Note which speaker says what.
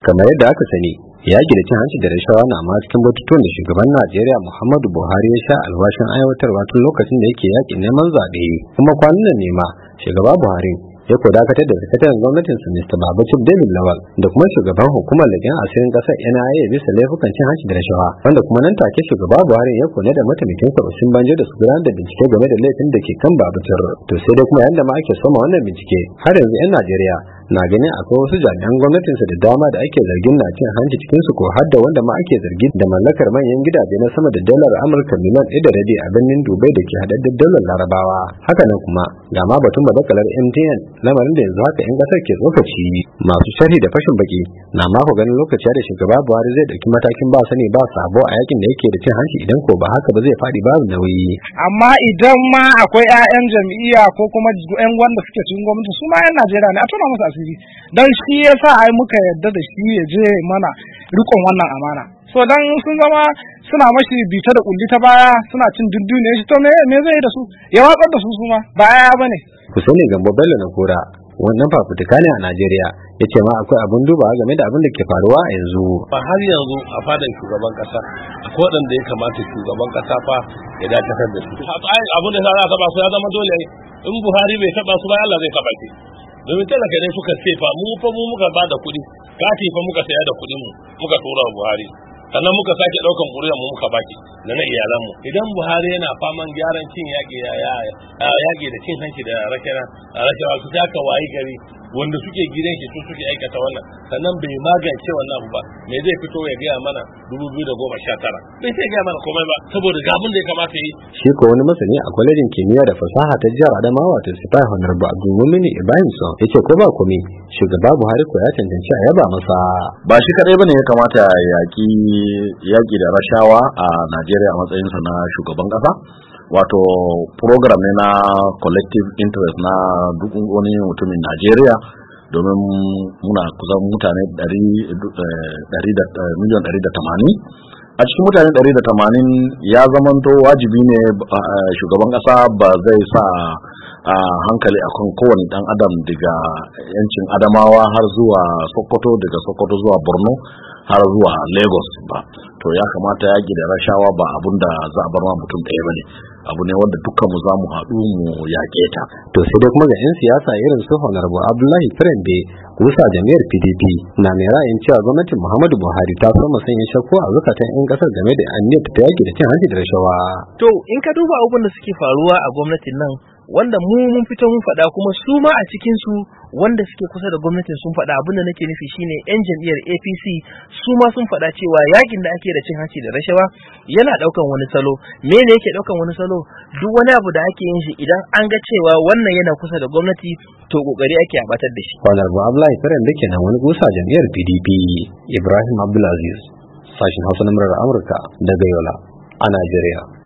Speaker 1: kamar yadda aka sani yaki da cin hanci da rashawa na amma cikin batutuwan da shugaban najeriya muhammadu buhari ya sha alwashin aiwatarwa tun lokacin da yake yakin neman zaɓe kuma kwanan nan nema shugaba buhari ya ko dakatar da sakataren gwamnatin su mr babacin david lawal da kuma shugaban hukumar legen asirin kasar ya bisa laifukan cin hanci da rashawa wanda kuma nan take shugaba buhari ya kone da mataimakin sa banjo da su gudanar da bincike game da laifin da ke kan babatar. to sai dai kuma yadda ma ake soma wannan bincike har yanzu yan najeriya na ganin akwai wasu jami'an su da dama da ake zargin na cin hanci cikin su ko har da wanda ma ake zargi da mallakar manyan gidaje na sama da dalar Amurka miliyan 1 da rabi a birnin Dubai da ke haɗaɗɗen dalar Larabawa haka nan kuma ga ma batun badakalar MTN lamarin da yanzu haka 'yan ƙasar ke tsokaci masu sharhi da fashin baki na mako ganin lokaci da shugaba Buhari zai ɗauki matakin ba sani ba sabo a yakin da yake da cin hanci idan ko ba haka ba zai faɗi babu nauyi amma idan ma akwai 'ya'yan jam'iyya ko kuma 'yan wanda suke cikin gwamnati su ma 'yan Najeriya ne a tona musu asiri dan shi yasa ai muka yadda da shi ya je mana rikon wannan amana so dan sun zama suna mashi bita da kulli ta baya suna cin ne, shi to me me zai da su ya watsar da su su ma ba ya bane ne Gambo Bello na kura wannan fafutuka ne a Najeriya ya ce ma akwai abin duba game da abin da ke faruwa a yanzu. Ba
Speaker 2: har yanzu a fadan shugaban kasa akwai waɗanda ya kamata shugaban kasa fa ya dakatar da su. Abin da za a taɓa su ya zama dole in Buhari bai taɓa su ba Allah zai taɓa shi. domin talaka ne suka ce mu fa mu muka ba da kuɗi kati fa muka saya da kuɗin mu muka tura wa Buhari sannan muka sake ɗaukan ƙuri'ar mu muka baki da na iyalan mu idan Buhari yana faman gyaran cin yaƙi da cin hanci da rashawa su ka wayi gari wanda suke gidan shi sun suke aikata wannan sannan bai magance wannan abu ba me zai fito ya gaya mana 2019 bai sai gaya mana komai ba saboda ga abin da ya kamata yi
Speaker 1: shi ko wani masani a kwalejin kimiyya da fasaha ta jihar Adamawa ta Sifai Honorable Abdulmumin Ibrahim Son ce ko ba komai shugaba Buhari ko ya cancanci a yaba masa
Speaker 3: ba shi kadai bane ya kamata yaki yaki da rashawa a Najeriya a matsayinsa na shugaban kasa wato program ne na collective interest na duk wani mutumin Najeriya domin muna kusan mutane eh, miliyan ɗari a cikin mutane ɗari da tamanin ya zamanto wajibi ne eh, shugaban ƙasa ba zai sa a hankali akan kowane ɗan adam daga yancin adamawa har zuwa sokoto daga sokoto zuwa borno har zuwa lagos ba to ya kamata ya da rashawa ba abun da za a bar ma mutum ɗaya ba ne abu ne wanda dukkan mu za mu haɗu mu yaƙe ta to sai dai kuma ga
Speaker 1: 'yan siyasa irin su honarbu abdullahi firambe kusa jami'ar pdp na mai ra'ayin cewa gwamnatin muhammadu buhari ta so sanya shakku a zukatan 'yan ƙasar game da aniyar ta yaƙi da cin hanci da rashawa
Speaker 4: to in ka duba abubuwan da suke faruwa a gwamnatin nan wanda mu mun fito mun faɗa kuma su ma a cikin su wanda suke kusa da gwamnatin sun faɗa abin da nake nufi shine yan jam'iyyar APC su ma sun faɗa cewa yakin da ake da cin hanci da rashawa yana ɗaukan wani salo me yake ɗaukan wani salo duk wani abu da ake yin shi idan an ga cewa wannan yana kusa da gwamnati to kokari ake a batar da shi.
Speaker 1: ba Abdullahi Firin da kenan wani gusa jam'iyyar PDP
Speaker 3: Ibrahim Abdulaziz sashin Hausa na murar Amurka daga Yola a Najeriya.